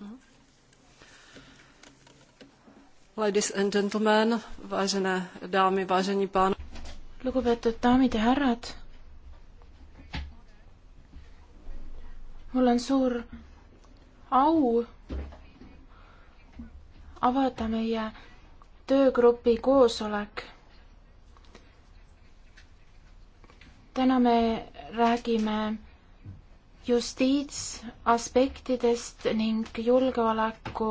Mhm. Ladies and gentlemen, vážené dámy, vážení pánové. lugupeetud daamid ja härrad. mul on suur au avada meie töögrupi koosolek. täna me räägime justiitsaspektidest ning julgeoleku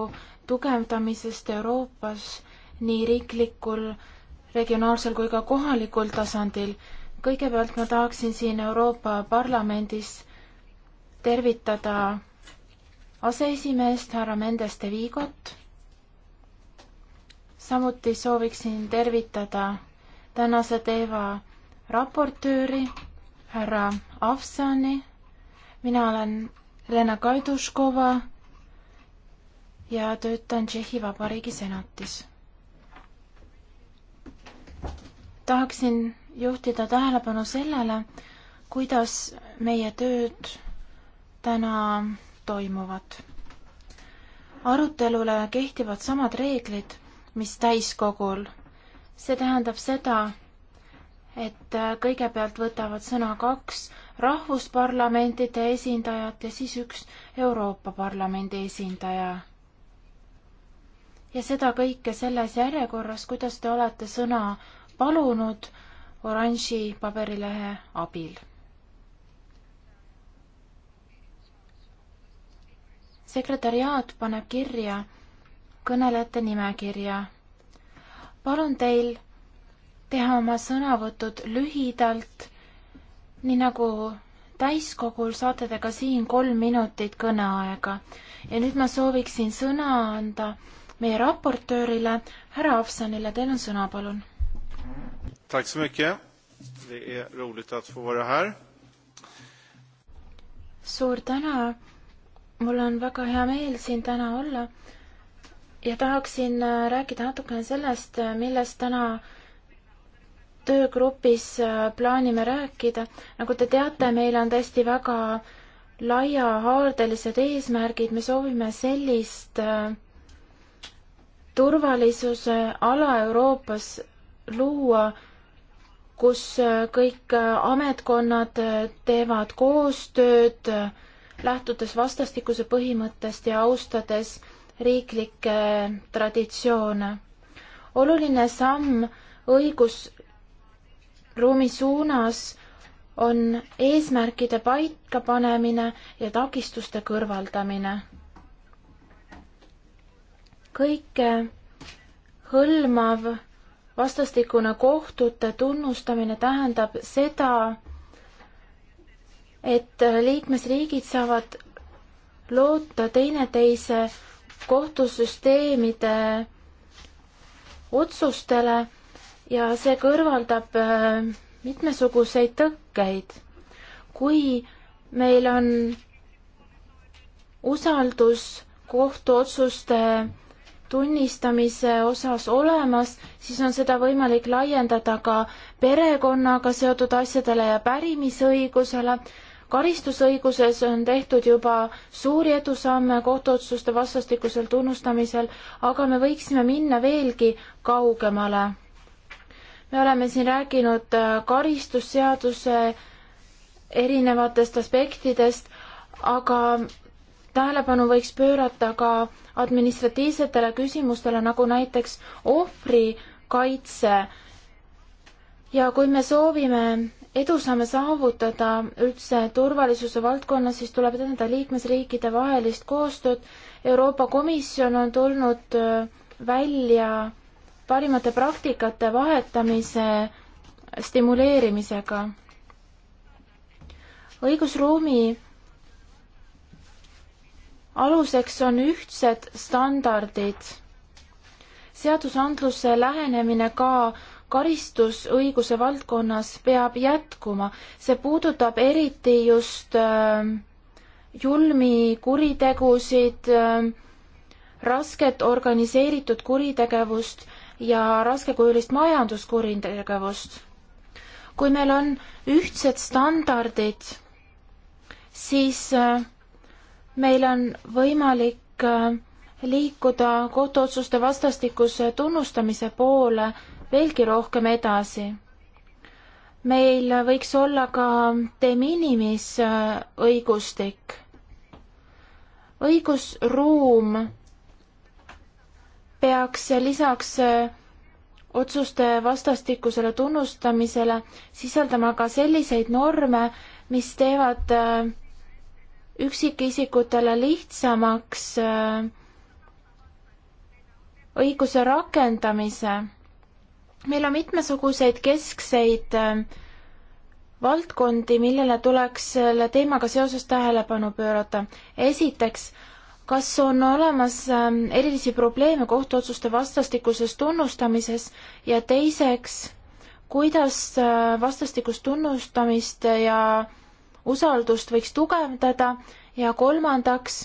tugevdamisest Euroopas nii riiklikul, regionaalsel kui ka kohalikul tasandil. kõigepealt ma tahaksin siin Euroopa Parlamendis tervitada aseesimeest härra Mendes de Vigot. samuti sooviksin tervitada tänase teema raportööri härra Afsani mina olen Lena Kaiduškova ja töötan Tšehhi Vabariigi senatis. tahaksin juhtida tähelepanu sellele, kuidas meie tööd täna toimuvad. arutelule kehtivad samad reeglid, mis täiskogul. see tähendab seda, et kõigepealt võtavad sõna kaks rahvusparlamentide esindajat ja siis üks Euroopa Parlamendi esindaja. ja seda kõike selles järjekorras, kuidas te olete sõna palunud oranži paberilehe abil. sekretäriaat paneb kirja kõnelejate nimekirja. palun teil teha oma sõnavõtud lühidalt nii nagu täiskogul saate te ka siin kolm minutit kõneaega ja nüüd ma sooviksin sõna anda meie raportöörile härra Avsanile, teil on sõna, palun. suur tänu, mul on väga hea meel siin täna olla ja tahaksin äh, rääkida natukene sellest, äh, millest täna äh, töögrupis äh, plaanime rääkida. nagu te teate, meil on tõesti väga laiahaardelised eesmärgid, me soovime sellist äh, turvalisuse ala Euroopas luua, kus äh, kõik ametkonnad teevad koostööd, lähtudes vastastikuse põhimõttest ja austades riiklikke traditsioone. oluline samm õigus ruumi suunas on eesmärkide paikapanemine ja takistuste kõrvaldamine. kõike hõlmav vastastikune kohtute tunnustamine tähendab seda, et liikmesriigid saavad loota teineteise kohtusüsteemide otsustele ja see kõrvaldab äh, mitmesuguseid tõkkeid. kui meil on usaldus kohtuotsuste tunnistamise osas olemas, siis on seda võimalik laiendada ka perekonnaga seotud asjadele ja pärimisõigusele. karistusõiguses on tehtud juba suuri edusamme kohtuotsuste vastastikusel tunnustamisel, aga me võiksime minna veelgi kaugemale me oleme siin rääkinud äh, karistusseaduse erinevatest aspektidest, aga tähelepanu võiks pöörata ka administratiivsetele küsimustele, nagu näiteks ohvrikaitse. ja kui me soovime edu saame saavutada üldse turvalisuse valdkonnas, siis tuleb edendada liikmesriikide vahelist koostööd. Euroopa Komisjon on tulnud äh, välja parimate praktikate vahetamise stimuleerimisega. õigusruumi aluseks on ühtsed standardid. seadusandluse lähenemine ka karistusõiguse valdkonnas peab jätkuma. see puudutab eriti just äh, julmi kuritegusid äh,, rasket organiseeritud kuritegevust ja raskekujulist majanduskuritegevust. kui meil on ühtsed standardid, siis äh, meil on võimalik äh, liikuda kohtuotsuste vastastikuse tunnustamise poole veelgi rohkem edasi. meil võiks olla ka de minimis äh, õigustik. õigusruum peaks lisaks äh, otsuste vastastikusele tunnustamisele sisaldama ka selliseid norme, mis teevad äh, üksikisikutele lihtsamaks äh, õiguse rakendamise. meil on mitmesuguseid keskseid valdkondi, millele tuleks selle teemaga seoses tähelepanu pöörata. esiteks kas on olemas ähm, erilisi probleeme kohtuotsuste vastastikuses tunnustamises ja teiseks, kuidas äh, vastastikust tunnustamist ja usaldust võiks tugevdada ja kolmandaks,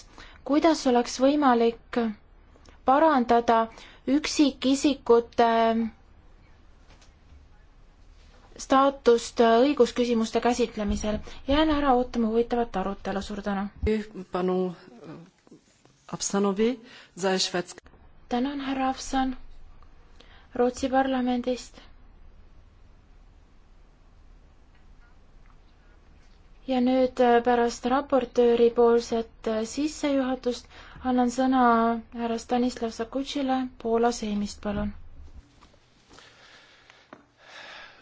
kuidas oleks võimalik parandada üksikisikute ähm, staatust äh, õigusküsimuste käsitlemisel. jään ära ootama huvitavat arutelu, suur tänu! Afsanovi za Švedska. tänan, härra Afsan Rootsi parlamendist. ja nüüd äh, pärast raportööri poolset äh, sissejuhatust annan sõna härra Stanislav Sakutšile Poola seimist, palun.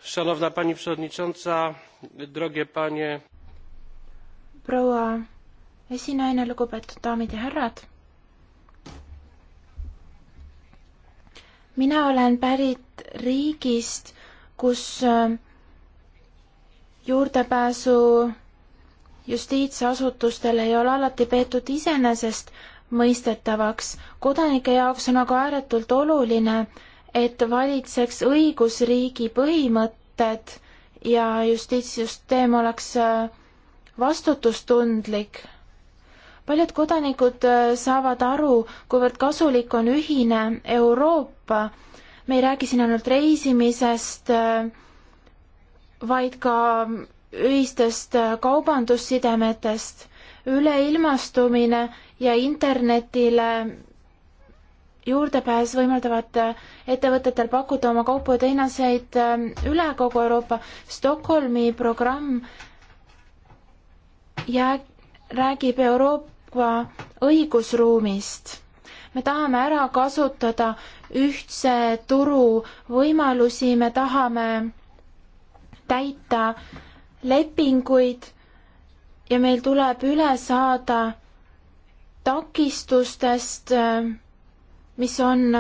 Szanowna pani przewodnicząca, drogie panie. proua esinaine, lugupeetud daamid ja härrad mina olen pärit riigist, kus äh, juurdepääsu justiitsasutustel ei ole alati peetud iseenesest mõistetavaks. kodanike jaoks on aga ääretult oluline, et valitseks õigusriigi põhimõtted ja justiitssüsteem oleks äh, vastutustundlik paljud kodanikud äh, saavad aru, kuivõrd kasulik on ühine Euroopa. me ei räägi siin ainult reisimisest, äh, vaid ka ühistest äh, kaubandussidemetest, üleilmastumine ja internetile juurdepääs võimaldavad ettevõtetel pakkuda oma kaupu ja teenuseid üle kogu Euroopa. Stockholmi programm jääb räägib Euroopa Euroopa õigusruumist. me tahame ära kasutada ühtse turu võimalusi, me tahame täita lepinguid ja meil tuleb üle saada takistustest, mis on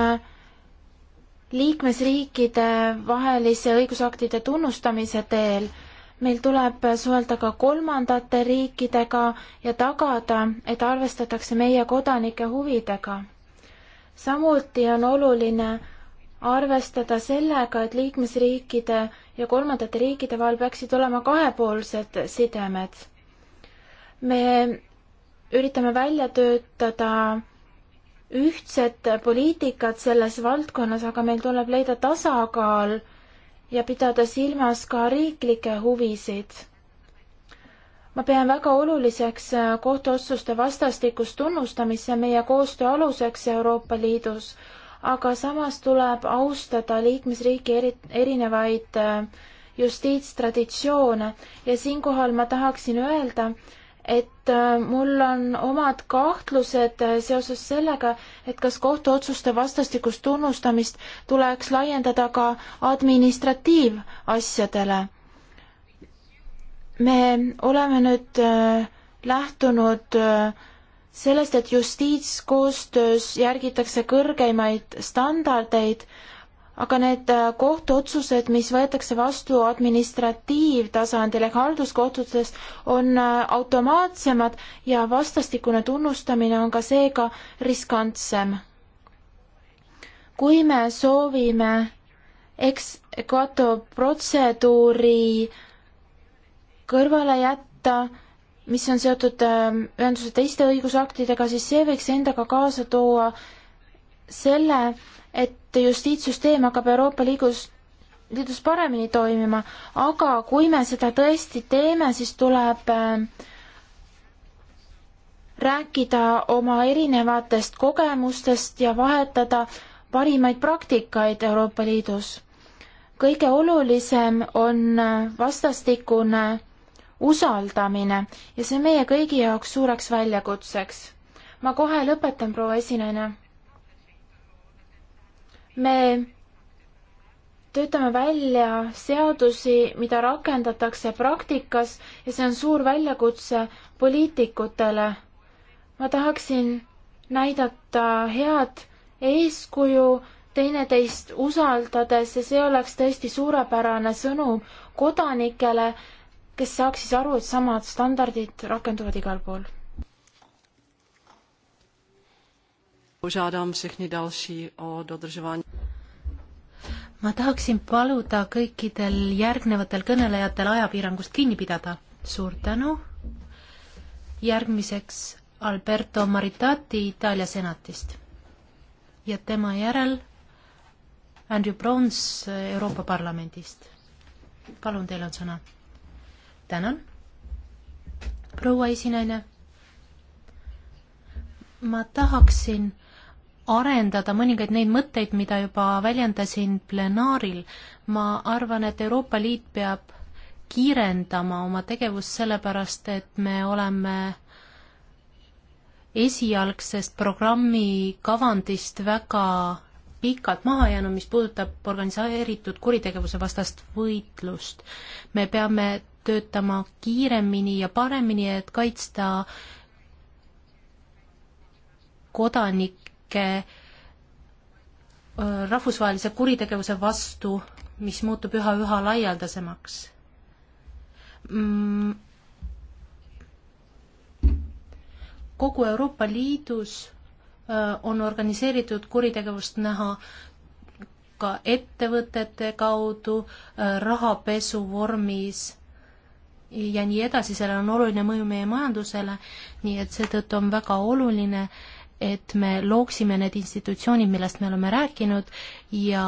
liikmesriikide vahelise õigusaktide tunnustamise teel meil tuleb suhelda ka kolmandate riikidega ja tagada, et arvestatakse meie kodanike huvidega. samuti on oluline arvestada sellega, et liikmesriikide ja kolmandate riikide vahel peaksid olema kahepoolsed sidemed. me üritame välja töötada ühtset poliitikat selles valdkonnas, aga meil tuleb leida tasakaal äh, ja pidada silmas ka riiklikke huvisid. ma pean väga oluliseks äh, kohtuotsuste vastastikust tunnustamist, see on meie koostöö aluseks Euroopa Liidus, aga samas tuleb austada liikmesriigi eri, erinevaid äh, justiitstraditsioone ja siinkohal ma tahaksin öelda, et äh, mul on omad kahtlused äh, seoses sellega, et kas kohtuotsuste vastastikust tunnustamist tuleks laiendada ka administratiivasjadele. me oleme nüüd äh, lähtunud sellest, et justiitskoostöös järgitakse kõrgeimaid standardeid, aga need äh, kohtuotsused, mis võetakse vastu administratiivtasandil ehk halduskohtutes, on äh, automaatsemad ja vastastikune tunnustamine on ka seega riskantsem. kui me soovime eks Equato protseduuri kõrvale jätta, mis on seotud ähm, ühenduse teiste õigusaktidega, siis see võiks endaga kaasa tuua selle, et justiitssüsteem hakkab Euroopa Liidus, liidus paremini toimima, aga kui me seda tõesti teeme, siis tuleb äh, rääkida oma erinevatest kogemustest ja vahetada parimaid praktikaid Euroopa Liidus. kõige olulisem on äh, vastastikune usaldamine ja see on meie kõigi jaoks suureks väljakutseks. ma kohe lõpetan, proua esinaine me töötame välja seadusi, mida rakendatakse praktikas ja see on suur väljakutse poliitikutele. ma tahaksin näidata head eeskuju teineteist usaldades ja see oleks tõesti suurepärane sõnum kodanikele, kes saaks siis aru, et samad standardid rakenduvad igal pool požádám všechny další o dodržování. ma tahaksin paluda kõikidel järgnevatel kõnelejatel ajapiirangust kinni pidada. suur tänu. järgmiseks Alberto Maritati Itaalia senatist ja tema järel Andrew Browns Euroopa Parlamendist. palun, teil on sõna. tänan, proua esinaine. ma tahaksin arendada mõningaid neid mõtteid, mida juba väljendasin plenaaril. ma arvan, et Euroopa Liit peab kiirendama oma tegevust sellepärast, et me oleme esialgsest programmi kavandist väga pikalt maha jäänud, mis puudutab organiseeritud kuritegevuse vastast võitlust. me peame töötama kiiremini ja paremini, et kaitsta kodanik, kõike rahvusvahelise kuritegevuse vastu, mis muutub üha-üha laialdasemaks mm.. kogu Euroopa Liidus on organiseeritud kuritegevust näha ka ettevõtete kaudu, rahapesu vormis ja nii edasi, sellel on oluline mõju meie majandusele, nii et seetõttu on väga oluline äh, et me looksime need institutsioonid, millest me oleme rääkinud ja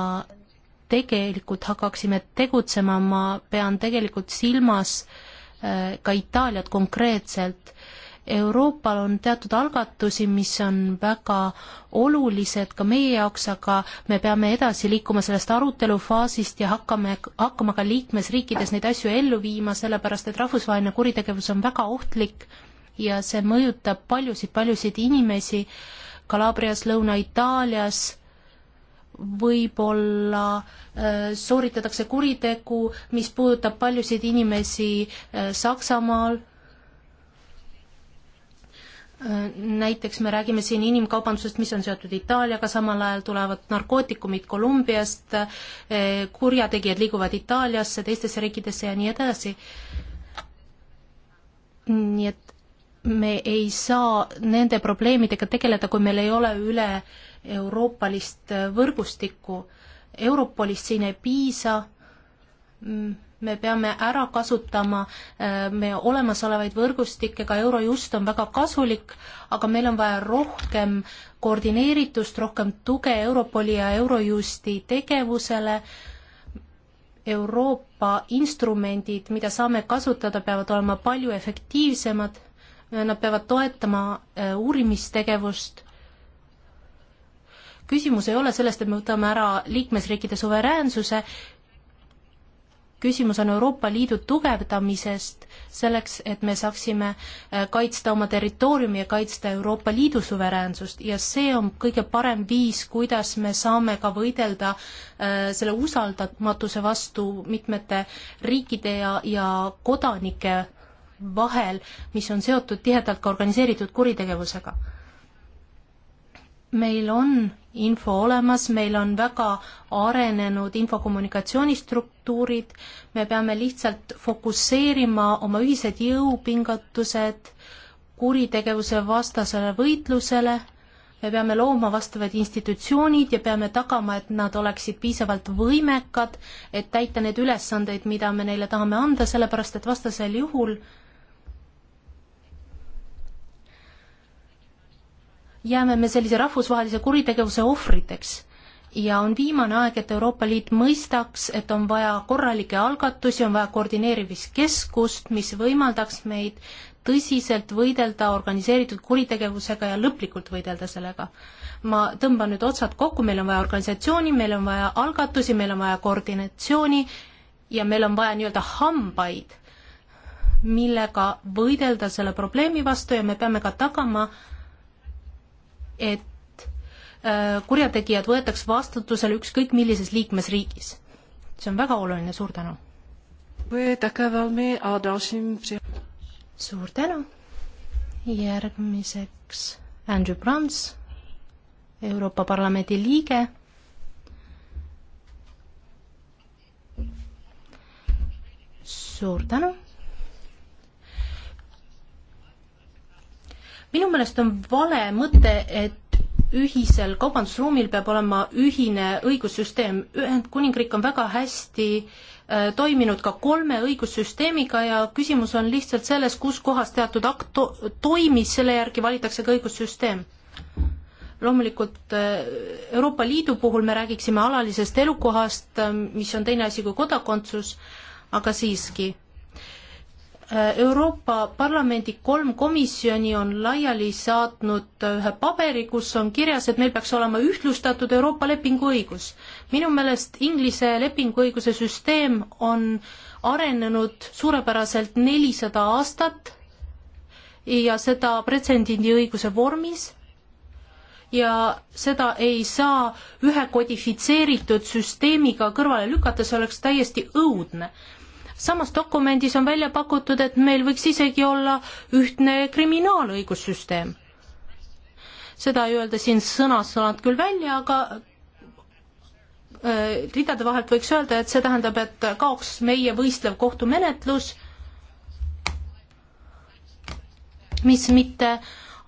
tegelikult hakkaksime tegutsema, ma pean tegelikult silmas äh, ka Itaaliat konkreetselt. Euroopal on teatud algatusi, mis on väga olulised ka meie jaoks, aga me peame edasi liikuma sellest arutelufaasist ja hakkame, hakkama ka liikmesriikides neid asju ellu viima, sellepärast et rahvusvaheline kuritegevus on väga ohtlik ja see mõjutab paljusid-paljusid inimesi Kalabrias, Lõuna-Itaalias, võib-olla äh, sooritatakse kuritegu, mis puudutab paljusid inimesi äh, Saksamaal äh, näiteks me räägime siin inimkaubandusest, mis on seotud Itaaliaga, samal ajal tulevad narkootikumid Kolumbiast, äh, kurjategijad liiguvad Itaaliasse, teistesse riikidesse ja nii edasi. nii et me ei saa nende probleemidega tegeleda, kui meil ei ole üle euroopalist äh, võrgustikku. Europolist siin ei piisa, mm, me peame ära kasutama äh, me olemasolevaid võrgustikke, ka Eurojust on väga kasulik, aga meil on vaja rohkem koordineeritust, rohkem tuge Europoli ja Eurojusti tegevusele, Euroopa instrumendid, mida saame kasutada, peavad olema palju efektiivsemad nad peavad toetama äh, uurimistegevust. küsimus ei ole sellest, et me võtame ära liikmesriikide suveräänsuse, küsimus on Euroopa Liidu tugevdamisest selleks, et me saaksime äh, kaitsta oma territooriumi ja kaitsta Euroopa Liidu suveräänsust ja see on kõige parem viis, kuidas me saame ka võidelda äh, selle usaldamatuse vastu mitmete riikide ja, ja kodanike vahel, mis on seotud tihedalt ka organiseeritud kuritegevusega. meil on info olemas, meil on väga arenenud infokommunikatsioonistruktuurid, me peame lihtsalt fokusseerima oma ühised jõupingutused kuritegevuse vastasele võitlusele, me peame looma vastavad institutsioonid ja peame tagama, et nad oleksid piisavalt võimekad, et täita neid ülesandeid, mida me neile tahame anda, sellepärast et vastasel juhul äh, jääme me sellise rahvusvahelise kuritegevuse ohvriteks ja on viimane aeg, et Euroopa Liit mõistaks, et on vaja korralikke algatusi, on vaja koordineerimiskeskust, mis võimaldaks meid tõsiselt võidelda organiseeritud kuritegevusega ja lõplikult võidelda sellega. ma tõmban nüüd otsad kokku, meil on vaja organisatsiooni, meil on vaja algatusi, meil on vaja koordinatsiooni ja meil on vaja nii-öelda hambaid, millega võidelda selle probleemi vastu ja me peame ka tagama, et äh, kurjategijad võetaks vastutusele ükskõik millises liikmesriigis. see on väga oluline, suur tänu. suur tänu. järgmiseks Andrew Brams, Euroopa Parlamendi liige suur tänu minu meelest on vale mõte, et ühisel kaubandusruumil peab olema ühine õigussüsteem, Ühendkuningriik on väga hästi äh, toiminud ka kolme õigussüsteemiga ja küsimus on lihtsalt selles, kus kohas teatud akt to toimis, selle järgi valitakse ka õigussüsteem. loomulikult äh, Euroopa Liidu puhul me räägiksime alalisest elukohast äh,, mis on teine asi kui kodakondsus, aga siiski Äh, Euroopa Parlamendi kolm komisjoni on laiali saatnud äh, ühe paberi, kus on kirjas, et meil peaks olema ühtlustatud Euroopa lepinguõigus. minu meelest Inglise lepinguõiguse süsteem on arenenud suurepäraselt nelisada aastat ja seda pretsedendi õiguse vormis ja seda ei saa ühe kodifitseeritud süsteemiga kõrvale lükata, see oleks täiesti õudne samas dokumendis on välja pakutud, et meil võiks isegi olla ühtne kriminaalõigussüsteem. seda ei öelda siin sõna-sõnalt küll välja, aga äh, ridade vahelt võiks öelda, et see tähendab, et kaoks meie võistlev kohtumenetlus, mis mitte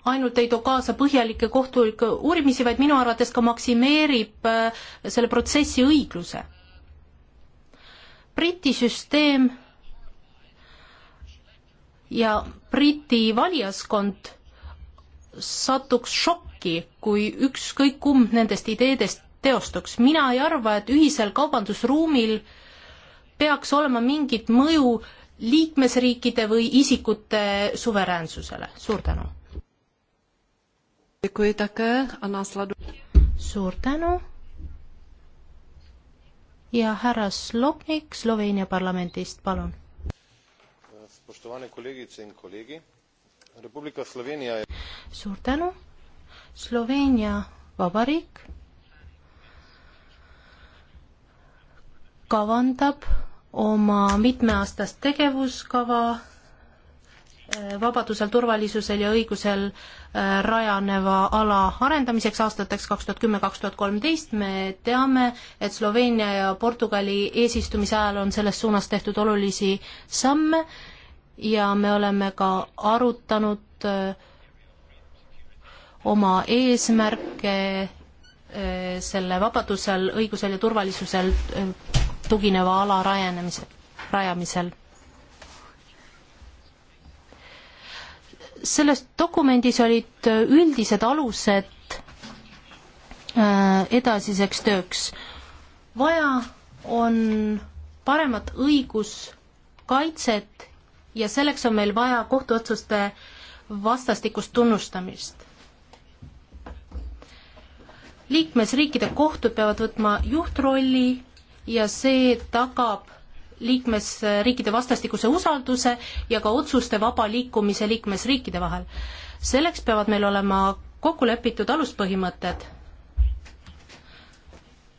ainult ei too kaasa põhjalikke kohtulikke uurimisi, vaid minu arvates ka maksimeerib äh, selle protsessi õigluse. Briti süsteem ja Briti valijaskond satuks šokki, kui ükskõik kumb nendest ideedest teostuks. mina ei arva, et ühisel kaubandusruumil peaks olema mingit mõju liikmesriikide või isikute suveräänsusele. suur tänu. suur tänu ja härra Slopnik Sloveenia parlamendist, palun. suur tänu. Sloveenia Vabariik kavandab oma mitmeaastast tegevuskava Äh, vabadusel, turvalisusel ja õigusel äh, rajaneva ala arendamiseks aastateks kaks tuhat kümme, kaks tuhat kolmteist. me teame, et Sloveenia ja Portugali eesistumise ajal on selles suunas tehtud olulisi samme ja me oleme ka arutanud äh, oma eesmärke selle vabadusel, õigusel ja turvalisusel tugineva ala rajanemise, rajamisel selles dokumendis olid üldised alused äh, edasiseks tööks. vaja on paremat õiguskaitset ja selleks on meil vaja kohtuotsuste vastastikust tunnustamist. liikmesriikide kohtud peavad võtma juhtrolli ja see tagab liikmesriikide vastastikuse usalduse ja ka otsuste vaba liikumise liikmesriikide vahel. selleks peavad meil olema kokku lepitud aluspõhimõtted,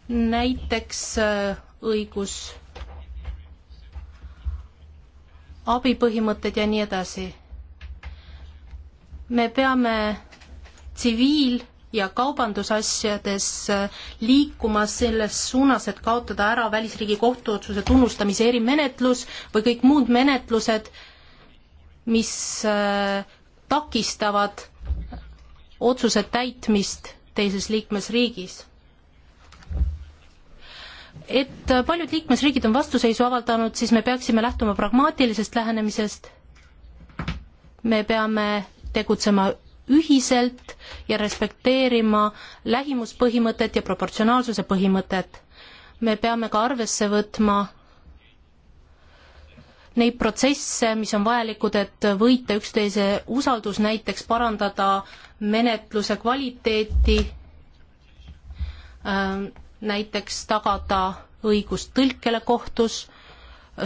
näiteks äh, õigus, abipõhimõtted ja nii edasi. me peame tsiviil- ja kaubandusasjades äh, liikuma selles suunas, et kaotada ära välisriigi kohtuotsuse tunnustamise erimenetlus või kõik muud menetlused, mis äh, takistavad otsuse täitmist teises liikmesriigis. et paljud liikmesriigid on vastuseisu avaldanud, siis me peaksime lähtuma pragmaatilisest lähenemisest, me peame tegutsema ühiselt ja respekteerima lähimuspõhimõtet ja proportsionaalsuse põhimõtet. me peame ka arvesse võtma neid protsesse, mis on vajalikud, et võita üksteise usaldus, näiteks parandada menetluse kvaliteeti, ähm, näiteks tagada õigus tõlkele kohtus,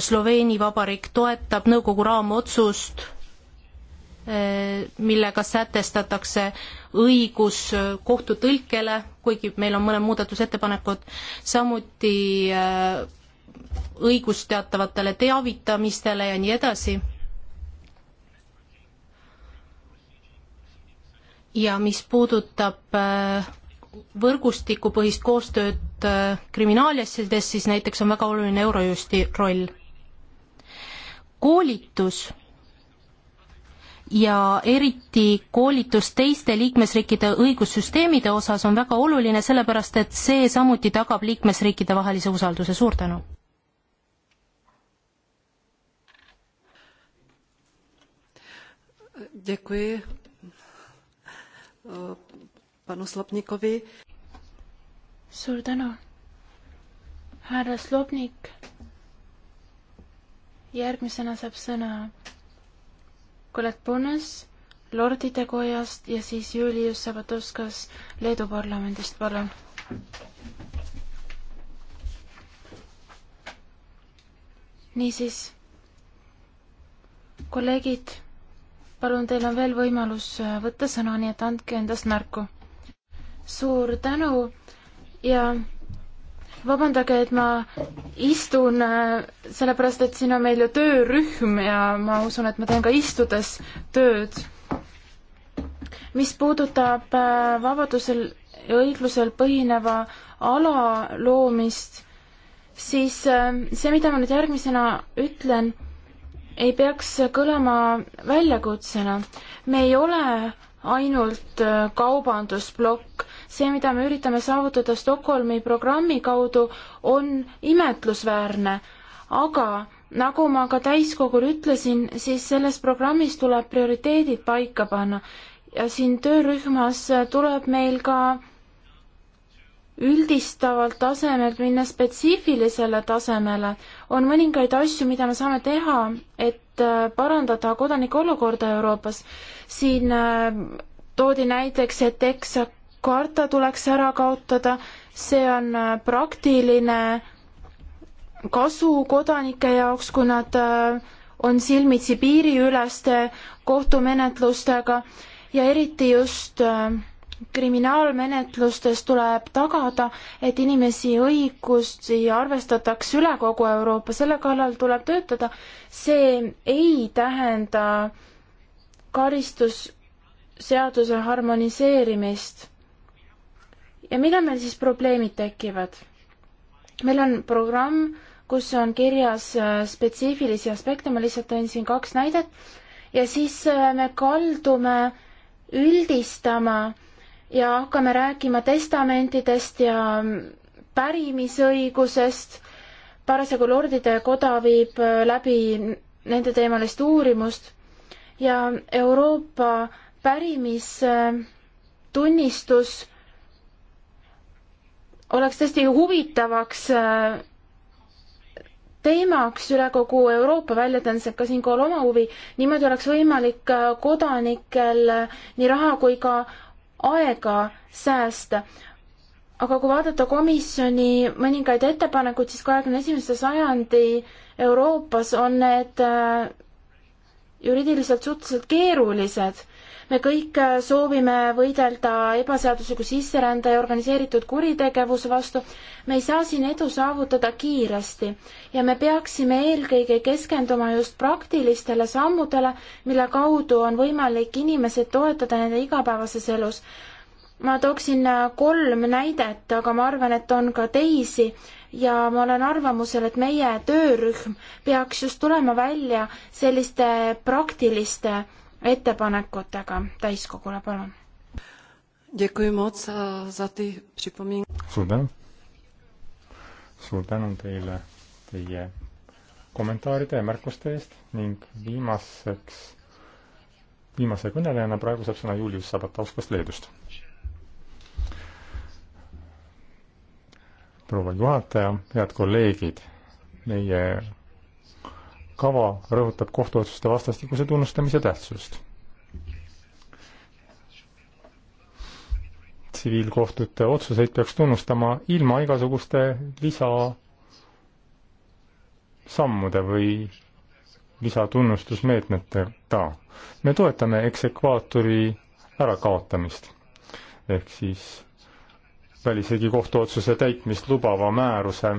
Sloveeni Vabariik toetab nõukogu raamotsust Eh, millega sätestatakse õigus kohtutõlkele, kuigi meil on mõned muudatusettepanekud, samuti eh, õigus teatavatele teavitamistele ja nii edasi. ja mis puudutab eh, võrgustikupõhist koostööd kriminaalasjades, siis näiteks on väga oluline Eurojusti roll. koolitus ja eriti koolitus teiste liikmesriikide õigussüsteemide osas on väga oluline, sellepärast et see samuti tagab liikmesriikide vahelise usalduse, suur tänu! Děkuji uh, panu Slopnikovi. Suur tänu, härra Slopnik. järgmisena saab sõna Koletpones Lordide Kojast ja siis Julius Sabatoskas Leedu parlamendist, palun. niisiis, kolleegid, palun, teil on veel võimalus äh, võtta sõna, nii et andke endast märku. suur tänu ja vabandage, et ma istun, äh, sellepärast et siin on meil ju töörühm ja ma usun, et ma teen ka istudes tööd. mis puudutab äh, vabadusel ja õiglusel põhineva ala loomist, siis äh, see, mida ma nüüd järgmisena ütlen, ei peaks kõlama väljakutsena. me ei ole ainult kaubandusplokk, see, mida me üritame saavutada Stockholmi programmi kaudu, on imetlusväärne, aga nagu ma ka täiskogul ütlesin, siis selles programmis tuleb prioriteedid paika panna ja siin töörühmas tuleb meil ka üldistavalt tasemelt minna spetsiifilisele tasemele, on mõningaid asju, mida me saame teha, et äh, parandada kodanike olukorda Euroopas. siin äh, toodi näiteks, et EXA karta tuleks ära kaotada, see on äh, praktiline kasu kodanike jaoks, kui nad äh, on silmitsi piiriüleste kohtumenetlustega ja eriti just äh, kriminaalmenetlustes tuleb tagada, et inimesi õigusi arvestatakse üle kogu Euroopa, selle kallal tuleb töötada. see ei tähenda karistusseaduse harmoniseerimist ja millal meil siis probleemid tekivad? meil on programm, kus on kirjas äh, spetsiifilisi aspekte, ma lihtsalt tõin siin kaks näidet, ja siis äh, me kaldume üldistama ja hakkame rääkima testamentidest ja mm, pärimisõigusest, parasjagu Lordide Koda viib äh, läbi nendeteemalist uurimust ja Euroopa pärimistunnistus äh, oleks tõesti huvitavaks äh, teemaks üle kogu Euroopa, väljendan ka siinkohal oma huvi, niimoodi oleks võimalik äh, kodanikel äh, nii raha kui ka aega säästa. aga kui vaadata komisjoni mõningaid ettepanekuid, siis kahekümne esimese sajandi Euroopas on need juriidiliselt suhteliselt keerulised me kõik äh, soovime võidelda ebaseadusliku sisserände ja organiseeritud kuritegevuse vastu. me ei saa siin edu saavutada kiiresti ja me peaksime eelkõige keskenduma just praktilistele sammudele, mille kaudu on võimalik inimesed toetada nende igapäevases elus ma tooksin äh, kolm näidet, aga ma arvan, et on ka teisi ja ma olen arvamusel, et meie töörühm peaks just tulema välja selliste praktiliste ettepanekutega täiskogule, palun. Eh, suur tänu. suur tänu teile teie kommentaaride ja märkuste eest ning viimaseks, viimase kõnelejana praegu saab sõna Julius Sabatauskast Leedust. proua juhataja, head kolleegid, meie kava rõhutab kohtuotsuste vastastikuse tunnustamise tähtsust. tsiviilkohtute otsuseid peaks tunnustama ilma igasuguste lisasammude või lisatunnustusmeetmeteta. me toetame eksekvaatori ärakaotamist ehk siis välisriigi kohtuotsuse täitmist lubava määruse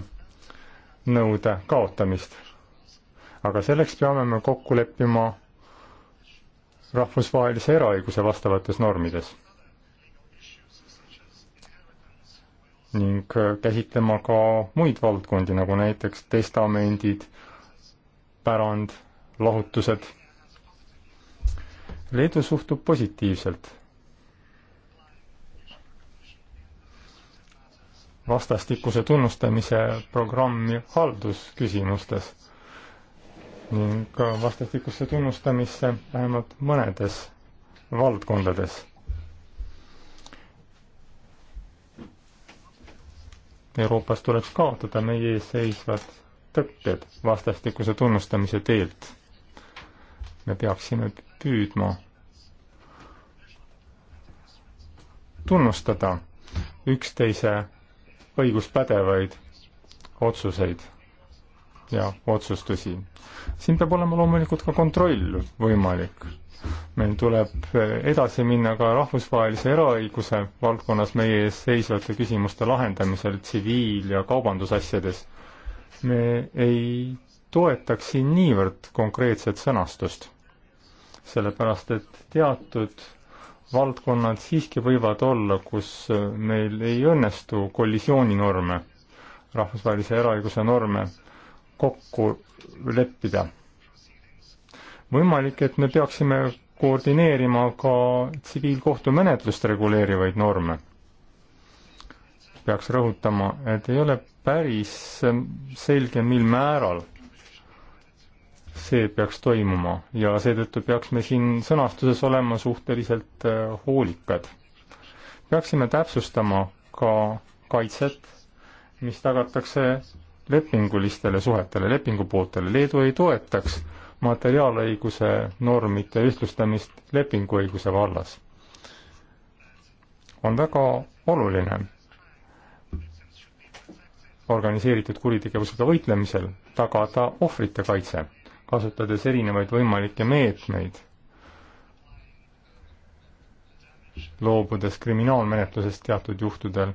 nõude kaotamist aga selleks peame me kokku leppima rahvusvahelise eraõiguse vastavates normides ning käsitlema ka muid valdkondi, nagu näiteks testamendid, pärand, lahutused. Leedu suhtub positiivselt vastastikuse tunnustamise programmi haldusküsimustes ning vastastikusse tunnustamisse vähemalt mõnedes valdkondades. Euroopas tuleks kaotada meie ees seisvad tõkked vastastikuse tunnustamise teelt. me peaksime püüdma tunnustada üksteise õiguspädevaid otsuseid ja otsustusi. siin peab olema loomulikult ka kontroll võimalik. meil tuleb eh, edasi minna ka rahvusvahelise eraõiguse valdkonnas meie ees seisvate küsimuste lahendamisel tsiviil- ja kaubandusasjades. me ei toetaks siin niivõrd konkreetset sõnastust, sellepärast et teatud valdkonnad siiski võivad olla, kus eh, meil ei õnnestu kollisiooninorme, rahvusvahelise eraõiguse norme kokku leppida. võimalik, et me peaksime koordineerima ka tsiviilkohtumenetlust reguleerivaid norme. peaks rõhutama, et ei ole päris selge, mil määral see peaks toimuma ja seetõttu peaks me siin sõnastuses olema suhteliselt äh, hoolikad. peaksime täpsustama ka kaitset, mis tagatakse lepingulistele suhetele lepingupooltele. Leedu ei toetaks materiaalõiguse normide ühtlustamist lepinguõiguse vallas. on väga oluline organiseeritud kuritegevusega võitlemisel tagada ohvrite kaitse, kasutades erinevaid võimalikke meetmeid, loobudes kriminaalmenetlusest teatud juhtudel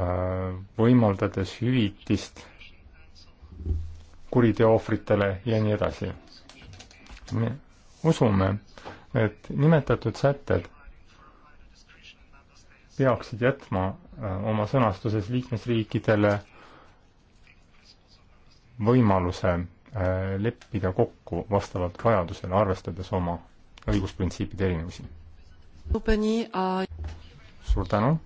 Äh, võimaldades hüvitist kuriteo ohvritele ja nii edasi. me usume, et nimetatud sätted peaksid jätma äh, oma sõnastuses liikmesriikidele võimaluse äh, leppida kokku vastavalt vajadusele, arvestades oma õigusprintsiipide erinevusi. suur tänu!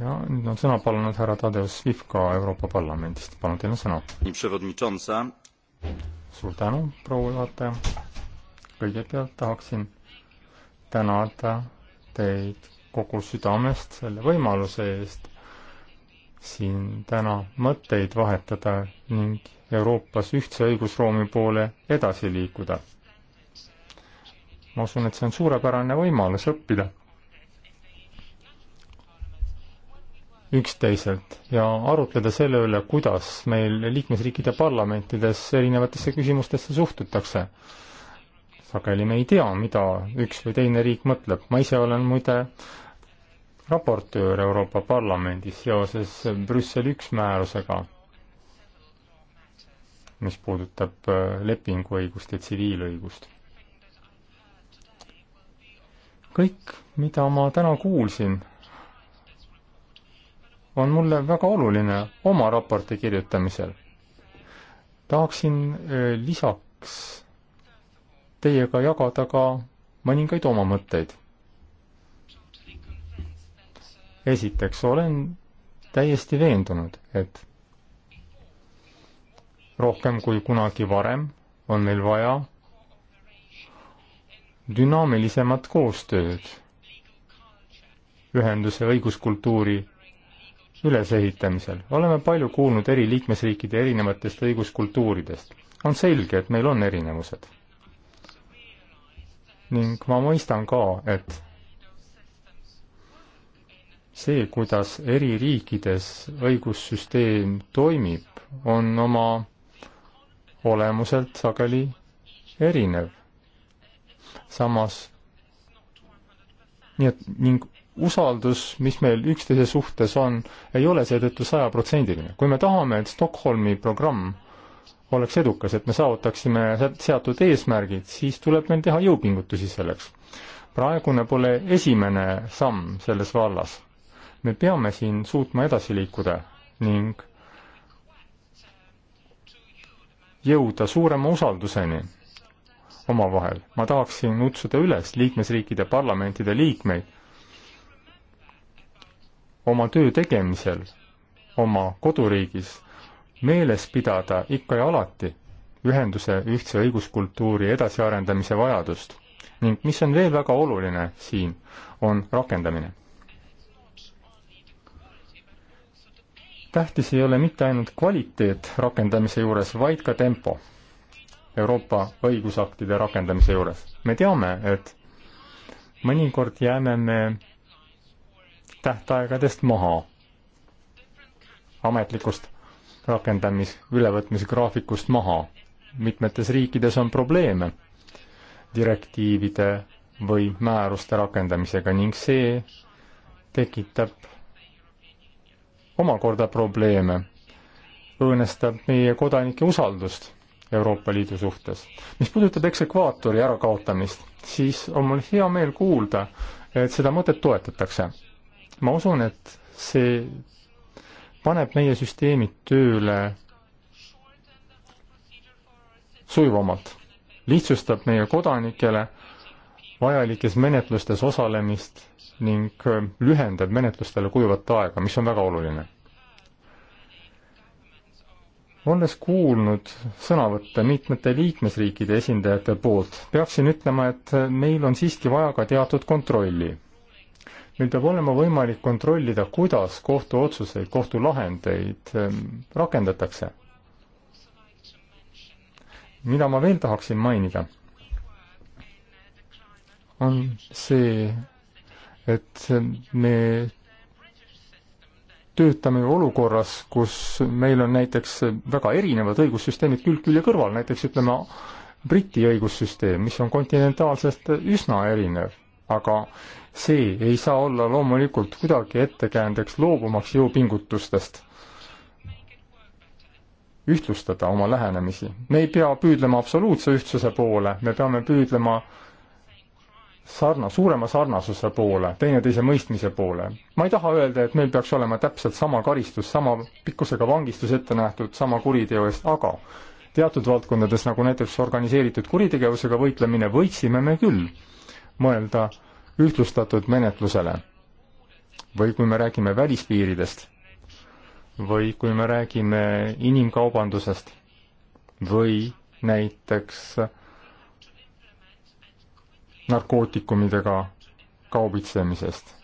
ja nüüd on sõna palunud härra Tadeusz Vivka Euroopa Parlamendist, palun teile sõna. suur tänu, proua juhataja. kõigepealt tahaksin tänada teid kogu südamest selle võimaluse eest siin täna mõtteid vahetada ning Euroopas ühtse õigusruumi poole edasi liikuda. ma usun, et see on suurepärane võimalus õppida üksteiselt ja arutleda selle üle, kuidas meil liikmesriikide parlamentides erinevatesse küsimustesse suhtutakse. sageli me ei tea, mida üks või teine riik mõtleb, ma ise olen muide raportöör Euroopa Parlamendis seoses Brüssel üks määrusega, mis puudutab äh, lepinguõigust ja tsiviilõigust. kõik, mida ma täna kuulsin, on mulle väga oluline oma raporti kirjutamisel. tahaksin äh, lisaks teiega jagada ka mõningaid oma mõtteid. esiteks, olen täiesti veendunud, et rohkem kui kunagi varem on meil vaja dünaamilisemat koostööd ühenduse õiguskultuuri ülesehitamisel. oleme palju kuulnud eri liikmesriikide erinevatest õiguskultuuridest. on selge, et meil on erinevused. ning ma mõistan ka, et see, kuidas eri riikides õigussüsteem toimib, on oma olemuselt sageli erinev. samas, nii et ning usaldus, mis meil üksteise suhtes on, ei ole seetõttu sajaprotsendiline. kui me tahame, et Stockholmi programm oleks edukas, et me saavutaksime seatud eesmärgid, siis tuleb meil teha jõupingutusi selleks. praegune pole esimene samm selles vallas. me peame siin suutma edasi liikuda ning jõuda suurema usalduseni omavahel. ma tahaksin kutsuda üles liikmesriikide parlamentide liikmeid oma töö tegemisel oma koduriigis meeles pidada ikka ja alati ühenduse ühtse õiguskultuuri edasiarendamise vajadust ning mis on veel väga oluline siin, on rakendamine. tähtis ei ole mitte ainult kvaliteet rakendamise juures, vaid ka tempo Euroopa õigusaktide rakendamise juures. me teame, et mõnikord jääme me tähtaegadest maha ametlikust rakendamis, ülevõtmise graafikust maha. mitmetes riikides on probleeme direktiivide või määruste rakendamisega ning see tekitab omakorda probleeme, õõnestab meie kodanike usaldust Euroopa Liidu suhtes. mis puudutab eksekvaatori ärakaotamist, siis on mul hea meel kuulda, et seda mõtet toetatakse ma usun, et see paneb meie süsteemid tööle sujuvamalt, lihtsustab meie kodanikele vajalikes menetlustes osalemist ning äh, lühendab menetlustele kujuvat aega, mis on väga oluline. olles kuulnud sõnavõtte mitmete liikmesriikide esindajate poolt, peaksin ütlema, et äh, meil on siiski vaja ka teatud kontrolli meil peab olema võimalik kontrollida, kuidas kohtuotsuseid, kohtulahendeid ähm, rakendatakse. mida ma veel tahaksin mainida, on see, et me töötame ju olukorras, kus meil on näiteks väga erinevad õigussüsteemid külg külje kõrval, näiteks ütleme, Briti õigussüsteem, mis on kontinentaalsest üsna erinev aga see ei saa olla loomulikult kuidagi ettekäändeks loobumaks jõupingutustest ühtlustada oma lähenemisi. me ei pea püüdlema absoluutse ühtsuse poole, me peame püüdlema sarna, suurema sarnasuse poole, teineteise mõistmise poole. ma ei taha öelda, et meil peaks olema täpselt sama karistus, sama pikkusega vangistus ette nähtud sama kuriteo eest, aga teatud valdkondades, nagu näiteks organiseeritud kuritegevusega võitlemine, võiksime me küll mõelda ühtlustatud menetlusele. või kui me räägime välispiiridest või kui me räägime inimkaubandusest või näiteks narkootikumidega kaubitsemisest.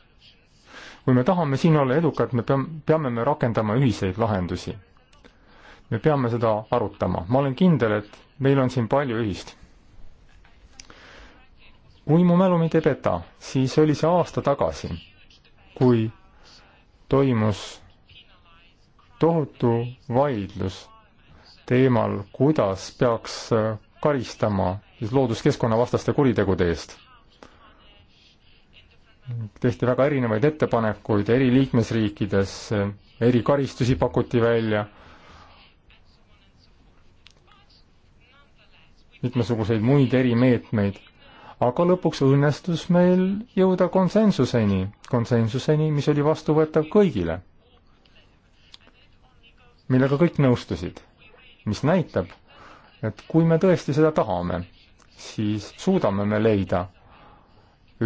kui me tahame siin olla edukad, me peame, peame me rakendama ühiseid lahendusi. me peame seda arutama, ma olen kindel, et meil on siin palju ühist kui mu mälu mind ei peta, siis oli see aasta tagasi, kui toimus tohutu vaidlus teemal, kuidas peaks äh, karistama siis looduskeskkonna vastaste kuritegude eest. tehti väga erinevaid ettepanekuid eri liikmesriikides, äh, eri karistusi pakuti välja, mitmesuguseid muid erimeetmeid aga lõpuks õnnestus meil jõuda konsensuseni, konsensuseni, mis oli vastuvõetav kõigile, millega kõik nõustusid, mis näitab, et kui me tõesti seda tahame, siis suudame me leida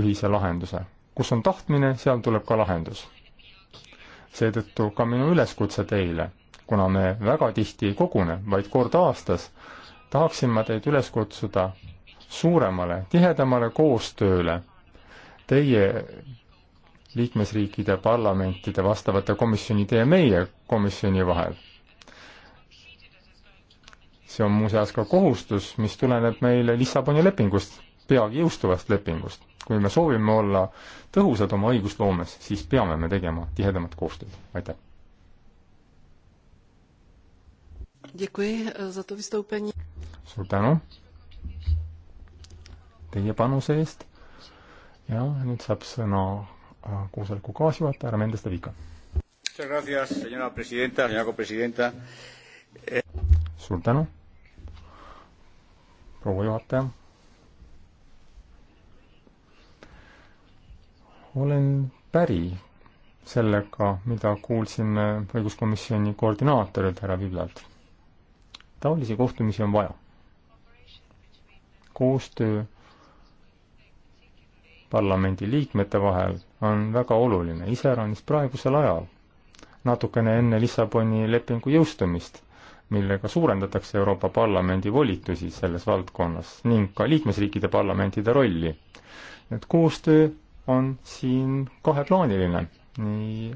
ühise lahenduse. kus on tahtmine, seal tuleb ka lahendus. seetõttu ka minu üleskutse teile, kuna me väga tihti ei kogune, vaid kord aastas, tahaksin ma teid üles kutsuda suuremale, tihedamale koostööle teie liikmesriikide parlamentide vastavate komisjonide ja meie komisjoni vahel. see on muuseas ka kohustus, mis tuleneb meile Lissaboni lepingust, peagi jõustuvast lepingust. kui me soovime olla tõhusad oma õigusloomes, siis peame me tegema tihedamat koostööd, aitäh. Eh, suur tänu teie panuse eest. ja nüüd saab sõna äh, koosoleku kaasjuhataja härra Mendes de Vica. suur tänu, proua juhataja. olen päri sellega, mida kuulsin õiguskomisjoni koordinaatorilt härra Villalt. taolisi kohtumisi on vaja. koostöö parlamendi liikmete vahel on väga oluline, iseäranis praegusel ajal, natukene enne Lissaboni lepingu jõustumist, millega suurendatakse Euroopa Parlamendi volitusi selles valdkonnas ning ka liikmesriikide parlamentide rolli. et koostöö on siin kaheplaaniline, nii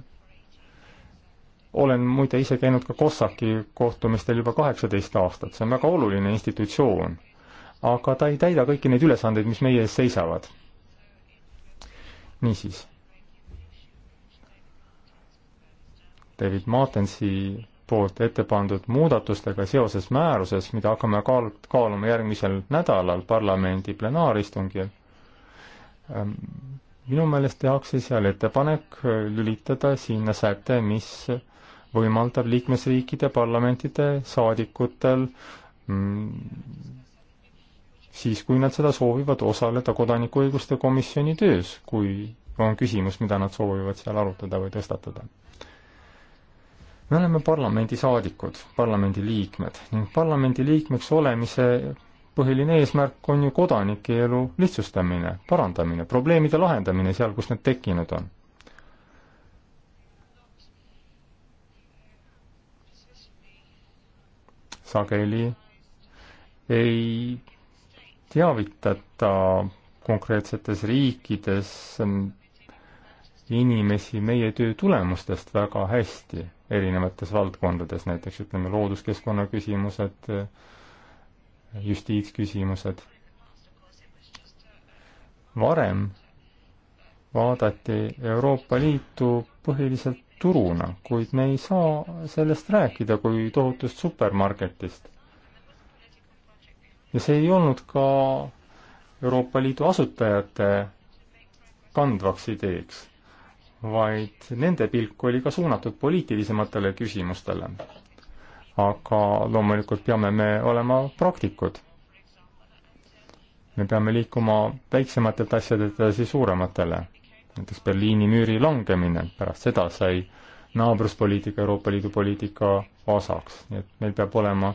olen muide ise käinud ka Kossaki kohtumistel juba kaheksateist aastat, see on väga oluline institutsioon. aga ta ei täida kõiki neid ülesandeid, mis meie ees seisavad niisiis, David Martensi poolt ette pandud muudatustega seoses määruses, mida hakkame kaal-, kaaluma järgmisel nädalal parlamendi plenaaristungil, ähm, minu meelest tehakse seal ettepanek äh, lülitada sinna säte, mis võimaldab liikmesriikide parlamentide saadikutel mm, siis, kui nad seda soovivad osaleda Kodanikuõiguste Komisjoni töös, kui on küsimus, mida nad soovivad seal arutada või tõstatada. me oleme parlamendisaadikud, parlamendiliikmed ning parlamendiliikmeks olemise põhiline eesmärk on ju kodanike elu lihtsustamine, parandamine, probleemide lahendamine seal, kus need tekkinud on sageli ei teavitata konkreetsetes riikides inimesi meie töö tulemustest väga hästi erinevates valdkondades, näiteks ütleme, looduskeskkonna küsimused, justiitsküsimused. varem vaadati Euroopa Liitu põhiliselt turuna, kuid me ei saa sellest rääkida kui tohutust supermarketist ja see ei olnud ka Euroopa Liidu asutajate kandvaks ideeks, vaid nende pilk oli ka suunatud poliitilisematele küsimustele. aga loomulikult peame me olema praktikud. me peame liikuma väiksematelt asjadelt edasi suurematele. näiteks Berliini müüri langemine, pärast seda sai naabruspoliitika Euroopa Liidu poliitika osaks, nii et meil peab olema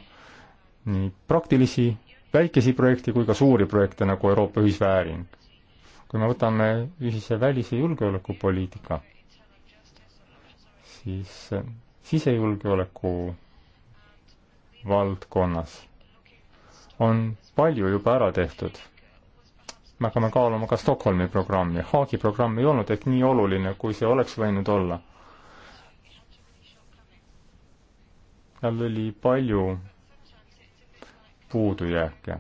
nii praktilisi väikesi projekte kui ka suuri projekte, nagu Euroopa ühisvääring. kui me võtame ühise välis- ja julgeolekupoliitika, siis eh, sisejulgeoleku valdkonnas on palju juba ära tehtud. me hakkame kaaluma ka Stockholmi programmi, Haagi programm ei olnud ehk nii oluline, kui see oleks võinud olla. seal oli palju puudujääke.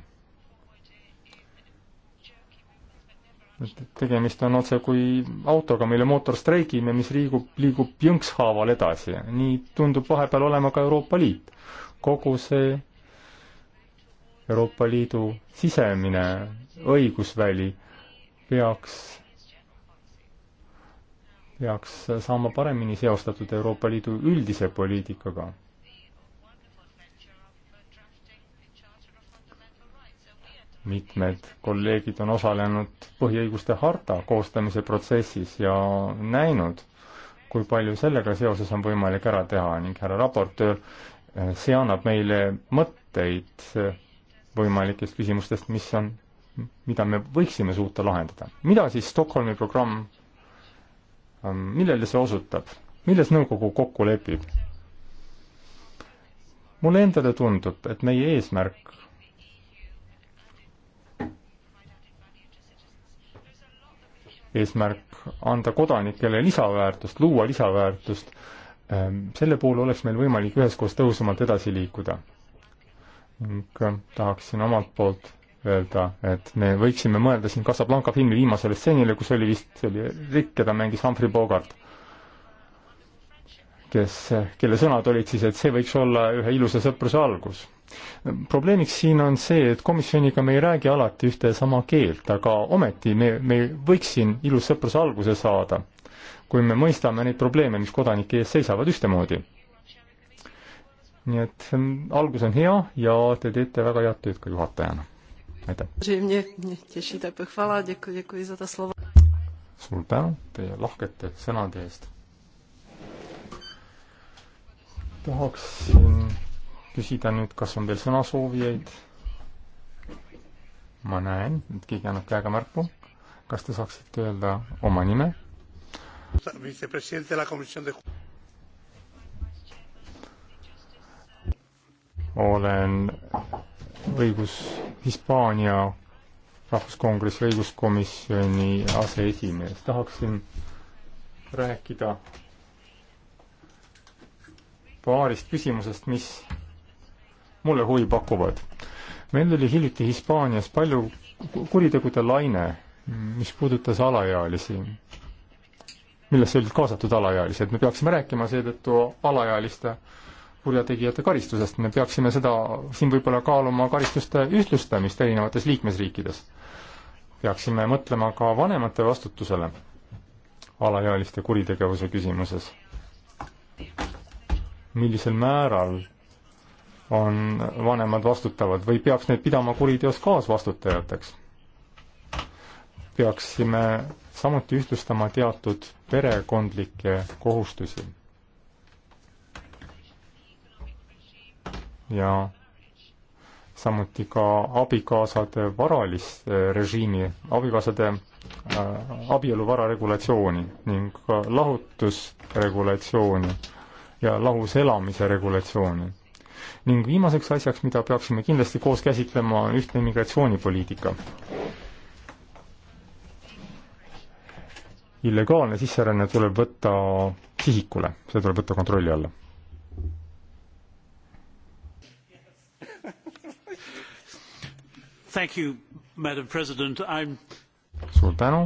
tegemist on otsekui autoga, mille mootor streigime, mis liigub, liigub jõnkshaaval edasi. nii tundub vahepeal olema ka Euroopa Liit. kogu see Euroopa Liidu sisemine õigusväli peaks, peaks saama paremini seostatud Euroopa Liidu üldise poliitikaga mitmed kolleegid on osalenud põhiõiguste harta koostamise protsessis ja näinud, kui palju sellega seoses on võimalik ära teha ning härra raportöör, eh, see annab meile mõtteid eh, võimalikest küsimustest, mis on, mida me võiksime suuta lahendada. mida siis Stockholmi programm, ehm, millele see osutab, milles nõukogu kokku lepib? mulle endale tundub, et meie eesmärk eesmärk anda kodanikele lisaväärtust, luua lisaväärtust, ehm, selle puhul oleks meil võimalik üheskoos tõhusamalt edasi liikuda. ning äh, tahaksin omalt poolt öelda, et me võiksime mõelda siin Casablanca filmi viimasele stseenile, kus oli vist, see oli Rick, keda mängis Humphrey Bogart, kes, kelle sõnad olid siis, et see võiks olla ühe ilusa sõpruse algus probleemiks siin on see, et komisjoniga me ei räägi alati ühte ja sama keelt, aga ometi me, me võiks siin ilus sõpruse alguse saada, kui me mõistame neid probleeme, mis kodanike ees seisavad ühtemoodi. nii et ähm, algus on hea ja te teete väga head tööd ka juhatajana. aitäh! suur tänu teie lahkete sõnade eest! tahaksin küsida nüüd, kas on veel sõnasoovijaid? ma näen, et keegi annab käega märku. kas te saaksite öelda oma nime? olen õigus Hispaania rahvuskongressi õiguskomisjoni aseesimees. tahaksin rääkida paarist küsimusest, mis mulle huvi pakuvad. meil oli hiljuti Hispaanias palju kuritegude laine, mis puudutas alaealisi, millesse olid kaasatud alaealised, me peaksime rääkima seetõttu alaealiste kurjategijate karistusest, me peaksime seda siin võib-olla kaaluma karistuste ühtlustamist erinevates liikmesriikides. peaksime mõtlema ka vanemate vastutusele alaealiste kuritegevuse küsimuses. millisel määral on vanemad vastutavad või peaks neid pidama kuriteos kaasvastutajateks? peaksime samuti ühtlustama teatud perekondlikke kohustusi. ja samuti ka abikaasade varalist režiimi, abikaasade äh, abieluvara regulatsiooni ning lahutusregulatsiooni ja lahus elamise regulatsiooni ning viimaseks asjaks, mida peaksime kindlasti koos käsitlema, on ühtne migratsioonipoliitika. illegaalne sisseränne tuleb võtta sihikule, see tuleb võtta kontrolli alla. Thank you, madam president, I m suur tänu,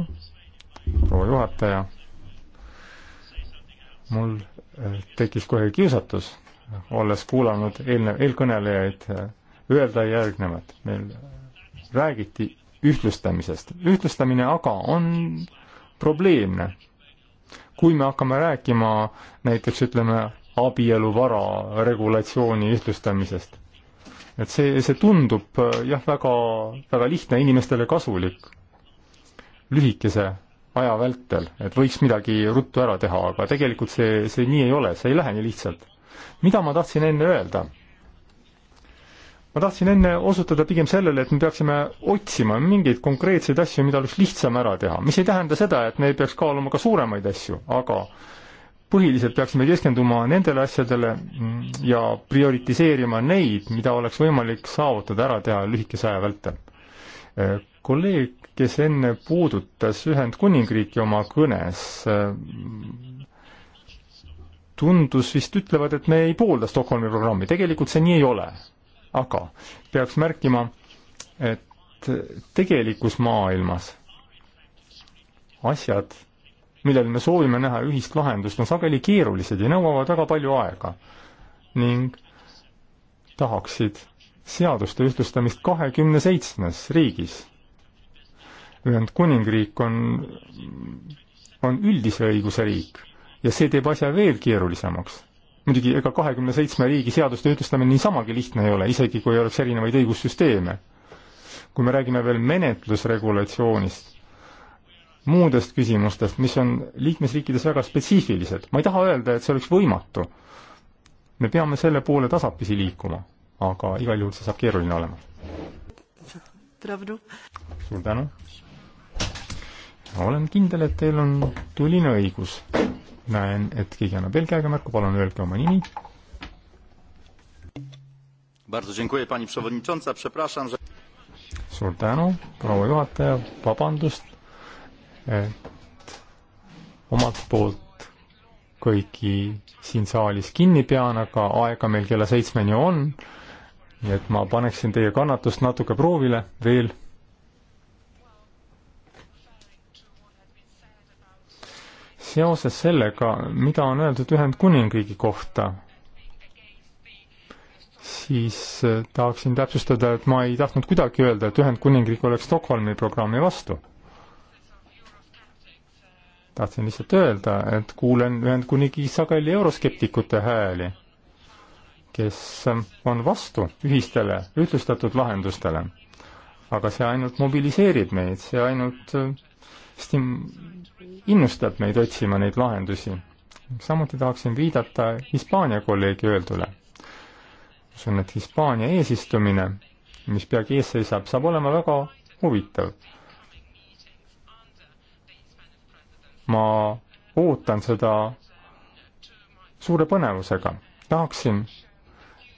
proua juhataja. mul eh, tekkis kohe kiusatus Noh, olles kuulanud eelne-, eelkõnelejaid, öelda järgnevat. meil räägiti ühtlustamisest. ühtlustamine aga on probleemne. kui me hakkame rääkima näiteks ütleme, abieluvara regulatsiooni ühtlustamisest, et see, see tundub jah, väga, väga lihtne, inimestele kasulik lühikese aja vältel, et võiks midagi ruttu ära teha, aga tegelikult see, see nii ei ole, see ei lähe nii lihtsalt mida ma tahtsin enne öelda? ma tahtsin enne osutada pigem sellele, et me peaksime otsima mingeid konkreetseid asju, mida oleks lihtsam ära teha, mis ei tähenda seda, et me ei peaks kaaluma ka suuremaid asju, aga põhiliselt peaksime keskenduma nendele asjadele ja prioritiseerima neid, mida oleks võimalik saavutada, ära teha lühikese aja vältel. kolleeg, kes enne puudutas Ühendkuningriiki oma kõnes, tundus vist ütlevad, et me ei poolda Stockholmi programmi, tegelikult see nii ei ole. aga peaks märkima, et tegelikus maailmas asjad, millel me soovime näha ühist lahendust, on sageli keerulised ja nõuavad väga palju aega ning tahaksid seaduste ühtlustamist kahekümne seitsmes riigis. Ühendkuningriik on, on üldise õiguse riik ja see teeb asja veel keerulisemaks. muidugi ega kahekümne seitsme riigi seaduste ütlustamine niisamagi lihtne ei ole, isegi kui oleks erinevaid õigussüsteeme. kui me räägime veel menetlusregulatsioonist, muudest küsimustest, mis on liikmesriikides väga spetsiifilised, ma ei taha öelda, et see oleks võimatu. me peame selle poole tasapisi liikuma, aga igal juhul see saab keeruline olema. suur tänu! olen kindel, et teil on tuline õigus näen, et keegi annab veel käega märku, palun öelge oma nimi. suur tänu, proua juhataja, vabandust, et omalt poolt kõiki siin saalis kinni pean, aga aega meil kella seitsmeni on, nii et ma paneksin teie kannatust natuke proovile veel seoses sellega, mida on öeldud Ühendkuningriigi kohta, siis äh, tahaksin täpsustada, et ma ei tahtnud kuidagi öelda, et Ühendkuningriik oleks Stockholmi programmi vastu. tahtsin lihtsalt öelda, et kuulen Ühendkuningriigis sageli euroskeptikute hääli, kes äh, on vastu ühistele ühtlustatud lahendustele. aga see ainult mobiliseerib meid, see ainult äh, stim-, innustab meid otsima neid lahendusi. samuti tahaksin viidata Hispaania kolleegi öeldule. usun, et Hispaania eesistumine, mis peagi ees seisab, saab olema väga huvitav. ma ootan seda suure põnevusega. tahaksin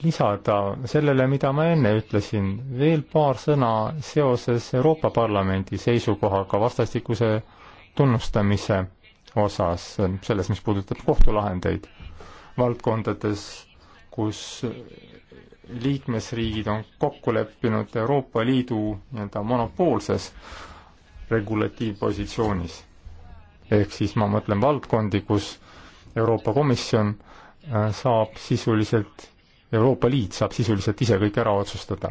lisada sellele, mida ma enne ütlesin, veel paar sõna seoses Euroopa Parlamendi seisukohaga vastastikuse tunnustamise osas, selles, mis puudutab kohtulahendeid valdkondades, kus liikmesriigid on kokku leppinud Euroopa Liidu nii-öelda monopoolses regulatiivpositsioonis. ehk siis ma mõtlen valdkondi, kus Euroopa Komisjon äh, saab sisuliselt Euroopa Liit saab sisuliselt ise kõik ära otsustada.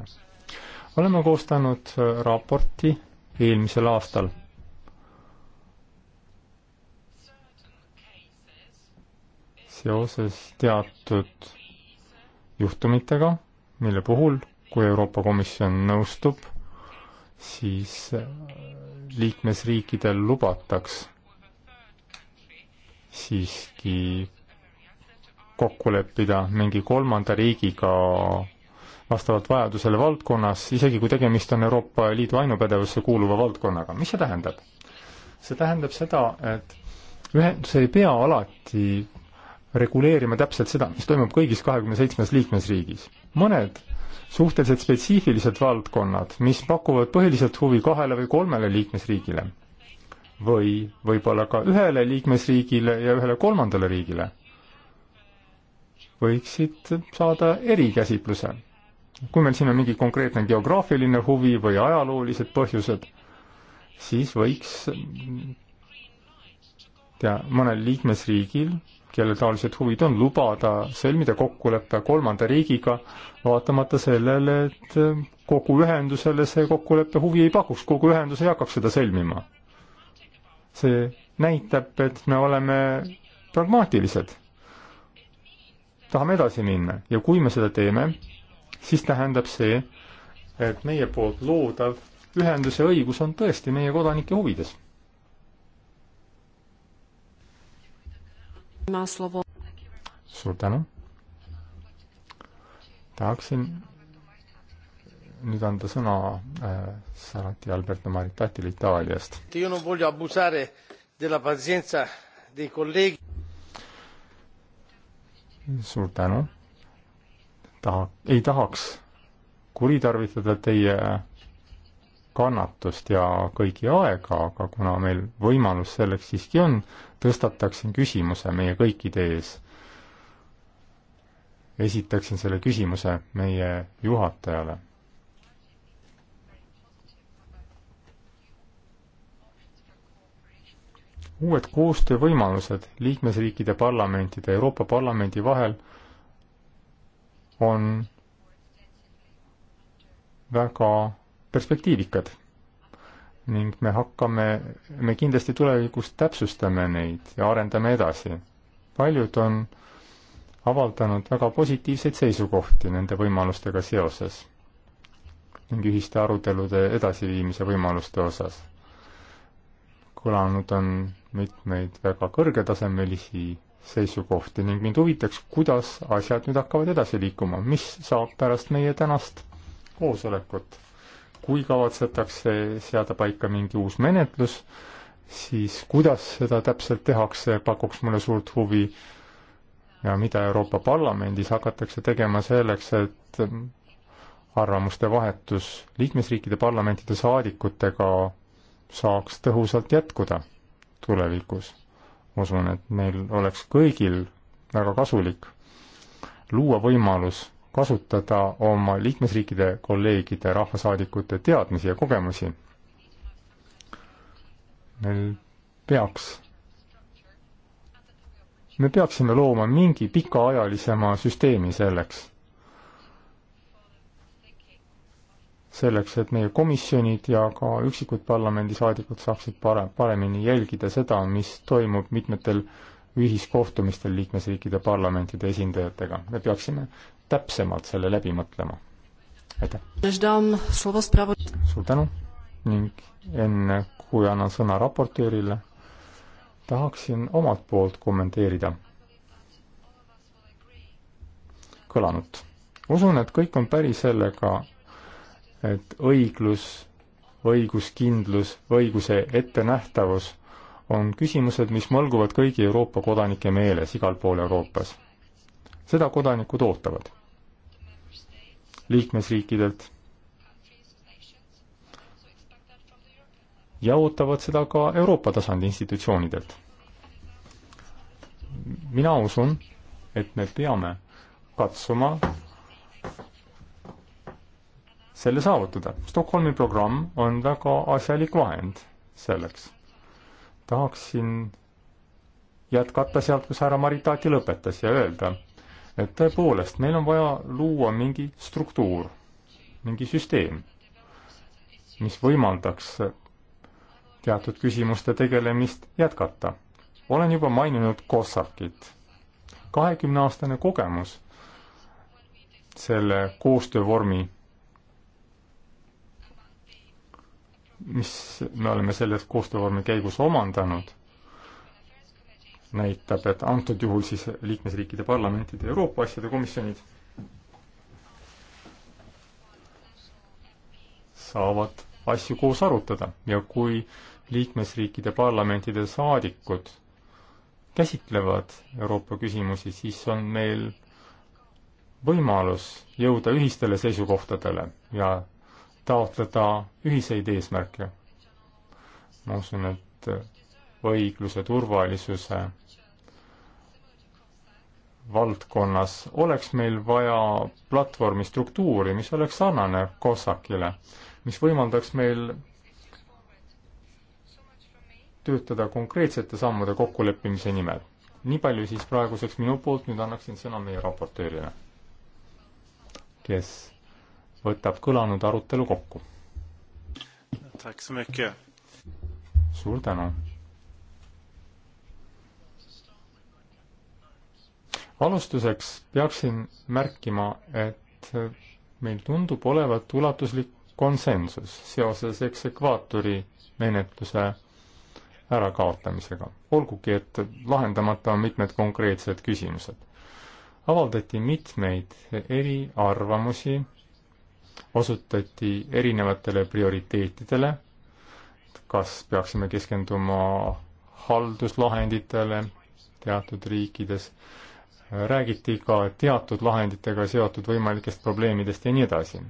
oleme koostanud äh, raporti eelmisel aastal seoses teatud juhtumitega, mille puhul, kui Euroopa Komisjon nõustub, siis äh, liikmesriikidel lubataks siiski kokku leppida mingi kolmanda riigiga vastavalt vajadusele valdkonnas, isegi kui tegemist on Euroopa Liidu ainupädevusse kuuluva valdkonnaga. mis see tähendab? see tähendab seda, et ühendus ei pea alati reguleerima täpselt seda, mis toimub kõigis kahekümne seitsmes liikmesriigis. mõned suhteliselt spetsiifilised valdkonnad, mis pakuvad põhiliselt huvi kahele või kolmele liikmesriigile või võib-olla ka ühele liikmesriigile ja ühele kolmandale riigile võiksid saada erikäsitluse. kui meil siin on mingi konkreetne geograafiline huvi või ajaloolised põhjused, siis võiks tea, mõnel liikmesriigil, kellel taolised huvid on, lubada sõlmida kokkulepe kolmanda riigiga, vaatamata sellele, et kogu ühendusele see kokkulepe huvi ei pakuks, kogu ühendus ei hakkaks seda sõlmima. see näitab, et me oleme pragmaatilised tahame edasi minna ja kui me seda teeme, siis tähendab see, et meie poolt loodav ühenduse õigus on tõesti meie kodanike huvides. suur tänu. tahaksin nüüd anda sõna äh, Sarati Alberto Maritatile Itaaliast suur tänu. taha, ei tahaks kuritarvitada teie kannatust ja kõigi aega, aga kuna meil võimalus selleks siiski on, tõstataksin küsimuse meie kõikide ees. esitaksin selle küsimuse meie juhatajale uued koostöövõimalused liikmesriikide parlamentide, Euroopa Parlamendi vahel on väga perspektiivikad ning me hakkame, me kindlasti tulevikus täpsustame neid ja arendame edasi. paljud on avaldanud väga positiivseid seisukohti nende võimalustega seoses ning ühiste arutelude edasiviimise võimaluste osas. kõlanud on mitmeid väga kõrgetasemelisi seisukohti ning mind huvitaks, kuidas asjad nüüd hakkavad edasi liikuma, mis saab pärast meie tänast koosolekut. kui kavatsetakse seada paika mingi uus menetlus, siis kuidas seda täpselt tehakse, pakuks mulle suurt huvi ja mida Euroopa Parlamendis hakatakse tegema selleks, et arvamuste vahetus liikmesriikide parlamentide saadikutega saaks tõhusalt jätkuda tulevikus. usun, et meil oleks kõigil väga kasulik luua võimalus kasutada oma liikmesriikide kolleegide, rahvasaadikute teadmisi ja kogemusi. meil peaks, me peaksime looma mingi pikaajalisema süsteemi selleks selleks, et meie komisjonid ja ka üksikud parlamendisaadikud saaksid pare-, paremini jälgida seda, mis toimub mitmetel ühiskohtumistel liikmesriikide parlamentide esindajatega. me peaksime täpsemalt selle läbi mõtlema. aitäh! suur tänu ning enne, kui annan sõna raportöörile, tahaksin omalt poolt kommenteerida kõlanut. usun, et kõik on päri sellega, et õiglus, õiguskindlus, õiguse ettenähtavus on küsimused, mis mõlguvad kõigi Euroopa kodanike meeles igal pool Euroopas. seda kodanikud ootavad liikmesriikidelt ja ootavad seda ka Euroopa tasandi institutsioonidelt. mina usun, et me peame katsuma selle saavutada. Stockholmi programm on väga asjalik vahend selleks. tahaksin jätkata sealt, kus härra Maritati lõpetas ja öelda, et tõepoolest, meil on vaja luua mingi struktuur, mingi süsteem, mis võimaldaks teatud küsimuste tegelemist jätkata. olen juba maininud Kossakit. kahekümneaastane kogemus selle koostöövormi mis me oleme selle koostöövormi käigus omandanud, näitab, et antud juhul siis liikmesriikide parlamentide ja Euroopa asjade komisjonid saavad asju koos arutada ja kui liikmesriikide parlamentide saadikud käsitlevad Euroopa küsimusi, siis on meil võimalus jõuda ühistele seisukohtadele ja taotleda ühiseid eesmärke. ma usun, et õigluse, turvalisuse valdkonnas oleks meil vaja platvormi struktuuri, mis oleks sarnane COSAC-ile, mis võimaldaks meil töötada konkreetsete sammude kokkuleppimise nimel. nii palju siis praeguseks minu poolt, nüüd annaksin sõna meie raportöörile, kes võtab kõlanud arutelu kokku. suur tänu. alustuseks peaksin märkima, et meil tundub olevat ulatuslik konsensus seoses eksekvaatori menetluse ärakaotamisega, olgugi et lahendamata on mitmed konkreetsed küsimused. avaldati mitmeid eriarvamusi osutati erinevatele prioriteetidele, kas peaksime keskenduma halduslahenditele teatud riikides, räägiti ka teatud lahenditega seotud võimalikest probleemidest ja nii edasi.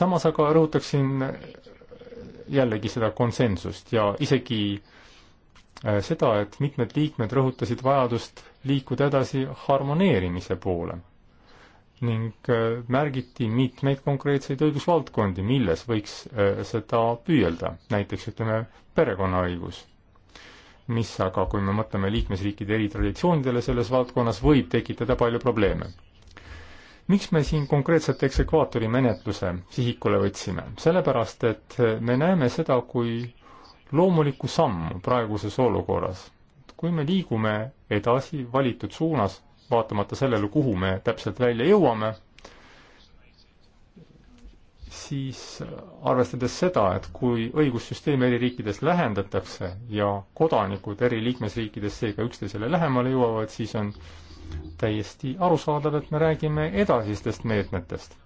samas aga rõhutaksin jällegi seda konsensust ja isegi äh, seda, et mitmed liikmed rõhutasid vajadust liikuda edasi harmoneerimise poole ning äh, märgiti mitmeid konkreetseid õigusvaldkondi, milles võiks äh, seda püüelda, näiteks ütleme, perekonnaõigus, mis aga, kui me mõtleme liikmesriikide eritraditsioonidele selles valdkonnas, võib tekitada palju probleeme. miks me siin konkreetselt eksekvaatori menetluse sihikule võtsime? sellepärast, et äh, me näeme seda kui loomulikku sammu praeguses olukorras. kui me liigume edasi valitud suunas, vaatamata sellele, kuhu me täpselt välja jõuame, siis arvestades seda, et kui õigussüsteeme eri riikides lähendatakse ja kodanikud eri liikmesriikides seega üksteisele lähemale jõuavad, siis on täiesti arusaadav, et me räägime edasistest meetmetest,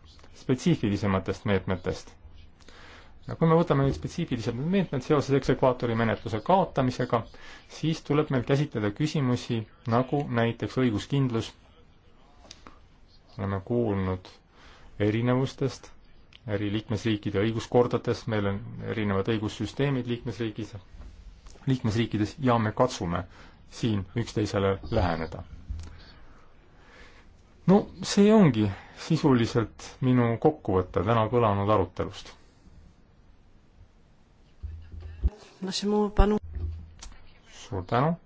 spetsiifilisematest meetmetest ja kui me võtame nüüd spetsiifilised meetmed seoses eksekvaatori menetluse kaotamisega, siis tuleb meil käsitleda küsimusi nagu näiteks õiguskindlus, oleme kuulnud erinevustest eri liikmesriikide õiguskordades, meil on erinevad õigussüsteemid liikmesriigis, liikmesriikides ja me katsume siin üksteisele läheneda. no see ongi sisuliselt minu kokkuvõte täna kõlanud arutelust našemu panu. suur tänu.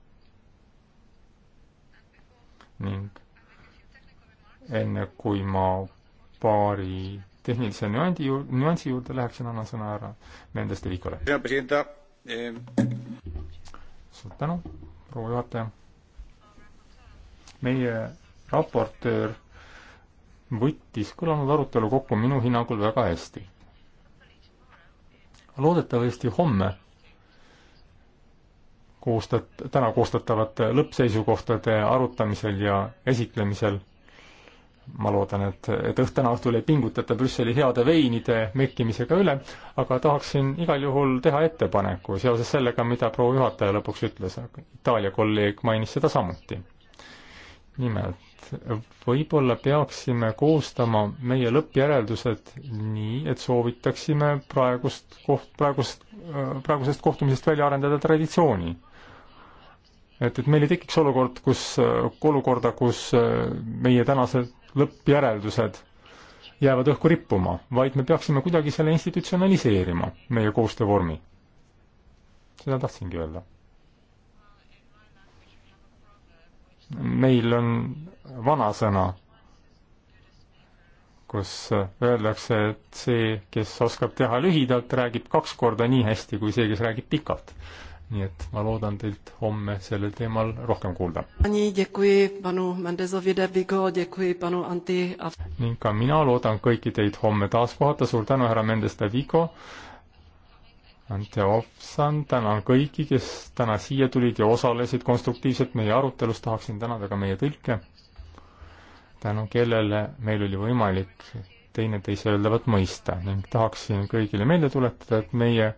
ning enne kui ma paari tehnilise nüandi ju-, nüansi juurde läheksin, annan sõna ära nendest Evikole. Eh, suur tänu, proua juhataja. meie raportöör võttis kõlanud arutelu kokku minu hinnangul väga hästi. loodetavasti homme koostat-, täna koostatavate lõppseisukohtade arutamisel ja esitlemisel. ma loodan, et, et õht-, täna õhtul ei pingutata Brüsseli heade veinide mekkimisega üle, aga tahaksin igal juhul teha ettepaneku seoses sellega, mida proua juhataja lõpuks ütles, Itaalia kolleeg mainis seda samuti. nimelt, võib-olla peaksime koostama meie lõppjäreldused nii, et soovitaksime praegust koht, praegust, praegusest kohtumisest välja arendada traditsiooni et, et meil ei tekiks olukord, kus, olukorda, kus äh, meie tänased lõppjäreldused jäävad õhku rippuma, vaid me peaksime kuidagi selle institutsionaliseerima, meie koostöövormi. seda tahtsingi öelda. meil on vanasõna, kus öeldakse, et see, kes oskab teha lühidalt, räägib kaks korda nii hästi kui see, kes räägib pikalt nii et ma loodan teilt homme sellel teemal rohkem kuulda. ning ka mina loodan kõiki teid homme taas kohata, suur tänu, härra Mendes de Vigo, Ante Opsan, tänan kõiki, kes täna siia tulid ja osalesid konstruktiivselt meie arutelus, tahaksin tänada ka meie tõlke, tänu kellele meil oli võimalik teineteise öeldavat mõista ning tahaksin kõigile meelde tuletada, et meie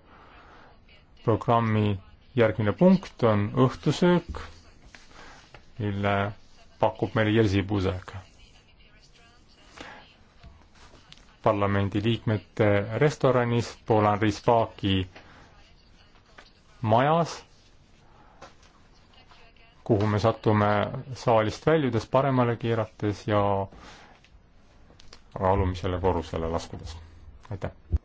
programmi järgmine punkt on õhtusöök, mille pakub meile Jelsi Puusek. parlamendiliikmete restoranis Polari Spaki majas, kuhu me satume saalist väljudes paremale keerates ja alumisele korrusele laskudes. aitäh!